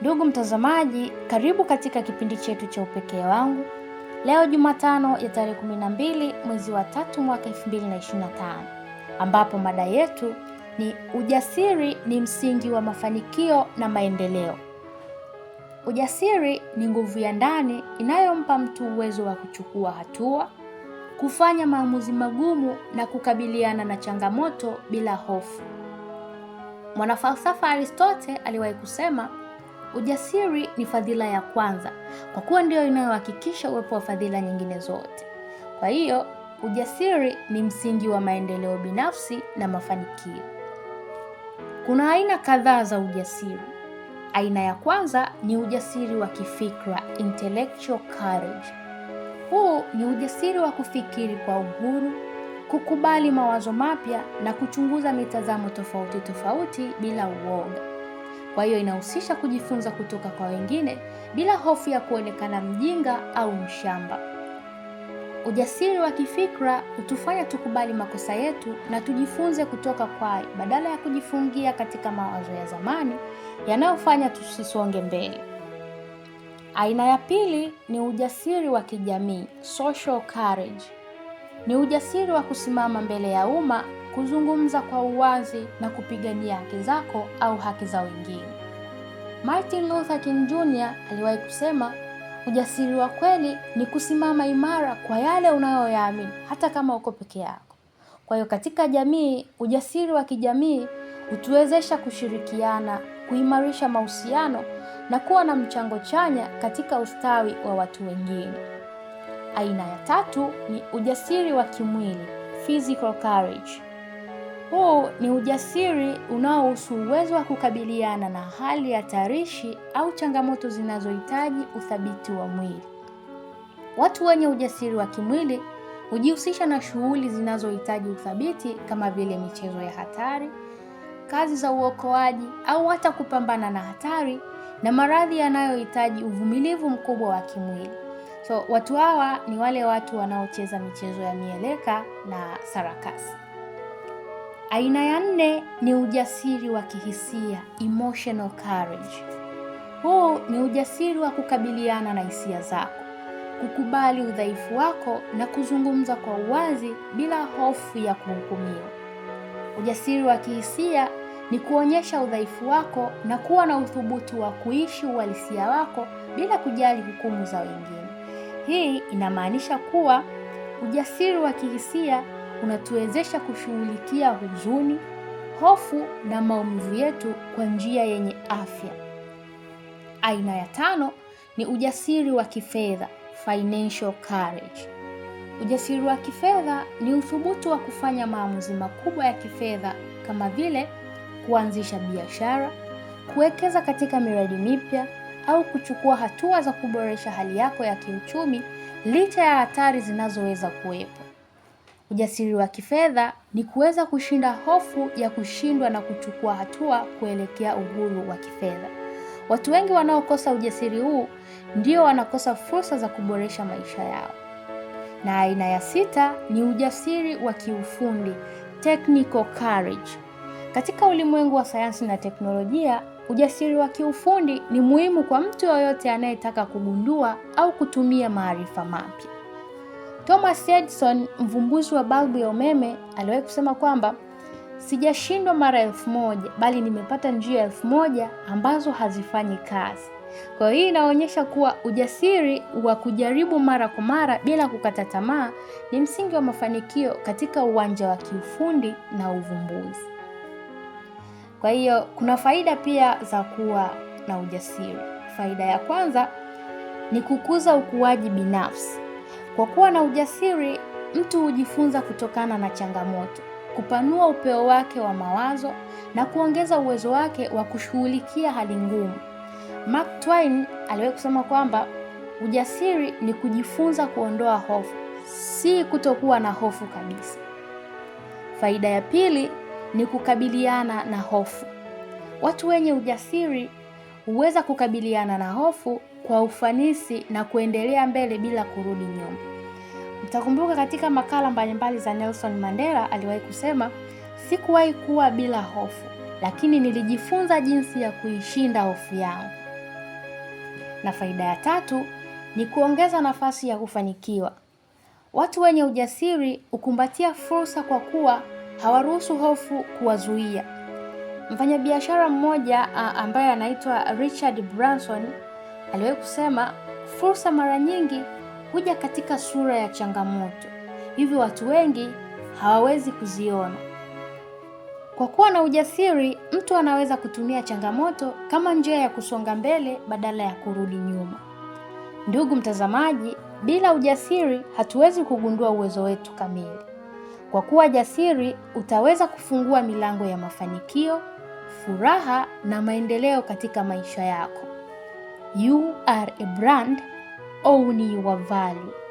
Ndugu mtazamaji, karibu katika kipindi chetu cha Upekee wangu leo Jumatano ya tarehe 12 mwezi wa tatu mwaka 2025 ambapo mada yetu ni ujasiri ni msingi wa mafanikio na maendeleo. Ujasiri ni nguvu ya ndani inayompa mtu uwezo wa kuchukua hatua, kufanya maamuzi magumu na kukabiliana na changamoto bila hofu. Mwanafalsafa Aristote aliwahi kusema Ujasiri ni fadhila ya kwanza, kwa kuwa ndiyo inayohakikisha uwepo wa fadhila nyingine zote. Kwa hiyo ujasiri ni msingi wa maendeleo binafsi na mafanikio. Kuna aina kadhaa za ujasiri. Aina ya kwanza ni ujasiri wa kifikra, intellectual courage. Huu ni ujasiri wa kufikiri kwa uhuru, kukubali mawazo mapya na kuchunguza mitazamo tofauti tofauti bila uoga. Kwa hiyo inahusisha kujifunza kutoka kwa wengine bila hofu ya kuonekana mjinga au mshamba. Ujasiri wa kifikra hutufanya tukubali makosa yetu na tujifunze kutoka kwa badala ya kujifungia katika mawazo ya zamani yanayofanya tusisonge mbele. Aina ya pili ni ujasiri wa kijamii, social courage. Ni ujasiri wa kusimama mbele ya umma kuzungumza kwa uwazi na kupigania haki zako au haki za wengine. Martin Luther King Jr. aliwahi kusema, ujasiri wa kweli ni kusimama imara kwa yale unayoyaamini hata kama uko peke yako. Kwa hiyo katika jamii, ujasiri wa kijamii hutuwezesha kushirikiana, kuimarisha mahusiano na kuwa na mchango chanya katika ustawi wa watu wengine. Aina ya tatu ni ujasiri wa kimwili, physical courage. Huu ni ujasiri unaohusu uwezo wa kukabiliana na hali hatarishi au changamoto zinazohitaji uthabiti wa mwili. Watu wenye ujasiri wa kimwili hujihusisha na shughuli zinazohitaji uthabiti kama vile michezo ya hatari, kazi za uokoaji au hata kupambana na hatari na maradhi yanayohitaji uvumilivu mkubwa wa kimwili. So watu hawa ni wale watu wanaocheza michezo ya mieleka na sarakasi. Aina ya nne ni ujasiri wa kihisia, emotional courage. Huu ni ujasiri wa kukabiliana na hisia zako, kukubali udhaifu wako na kuzungumza kwa uwazi bila hofu ya kuhukumiwa. Ujasiri wa kihisia ni kuonyesha udhaifu wako na kuwa na uthubutu wa kuishi uhalisia wako bila kujali hukumu za wengine. Hii inamaanisha kuwa ujasiri wa kihisia unatuwezesha kushughulikia huzuni, hofu na maumivu yetu kwa njia yenye afya. Aina ya tano ni ujasiri wa kifedha, financial courage. Ujasiri wa kifedha ni uthubutu wa kufanya maamuzi makubwa ya kifedha kama vile kuanzisha biashara, kuwekeza katika miradi mipya au kuchukua hatua za kuboresha hali yako ya kiuchumi licha ya hatari zinazoweza kuwepo. Ujasiri wa kifedha ni kuweza kushinda hofu ya kushindwa na kuchukua hatua kuelekea uhuru wa kifedha. Watu wengi wanaokosa ujasiri huu ndio wanakosa fursa za kuboresha maisha yao. Na aina ya sita ni ujasiri wa kiufundi, technical courage. Katika ulimwengu wa sayansi na teknolojia, ujasiri wa kiufundi ni muhimu kwa mtu yoyote anayetaka kugundua au kutumia maarifa mapya. Thomas Edison, mvumbuzi wa balbu ya umeme, aliwahi kusema kwamba sijashindwa mara elfu moja bali nimepata njia elfu moja ambazo hazifanyi kazi. Kwa hiyo hii inaonyesha kuwa ujasiri wa kujaribu mara kwa mara bila kukata tamaa ni msingi wa mafanikio katika uwanja wa kiufundi na uvumbuzi. Kwa hiyo kuna faida pia za kuwa na ujasiri. Faida ya kwanza ni kukuza ukuaji binafsi. Kwa kuwa na ujasiri, mtu hujifunza kutokana na changamoto, kupanua upeo wake wa mawazo na kuongeza uwezo wake wa kushughulikia hali ngumu. Mark Twain aliwahi kusema kwamba ujasiri ni kujifunza kuondoa hofu, si kutokuwa na hofu kabisa. Faida ya pili ni kukabiliana na hofu. Watu wenye ujasiri huweza kukabiliana na hofu kwa ufanisi na kuendelea mbele bila kurudi nyuma. Mtakumbuka katika makala mbalimbali za Nelson Mandela aliwahi kusema, sikuwahi kuwa bila hofu, lakini nilijifunza jinsi ya kuishinda hofu yangu. Na faida ya tatu ni kuongeza nafasi ya kufanikiwa. Watu wenye ujasiri hukumbatia fursa kwa kuwa hawaruhusu hofu kuwazuia. Mfanyabiashara mmoja ambaye anaitwa Richard Branson aliwahi kusema, fursa mara nyingi huja katika sura ya changamoto, hivyo watu wengi hawawezi kuziona. Kwa kuwa na ujasiri, mtu anaweza kutumia changamoto kama njia ya kusonga mbele badala ya kurudi nyuma. Ndugu mtazamaji, bila ujasiri hatuwezi kugundua uwezo wetu kamili. Kwa kuwa jasiri, utaweza kufungua milango ya mafanikio furaha na maendeleo katika maisha yako. You are a brand, own your value.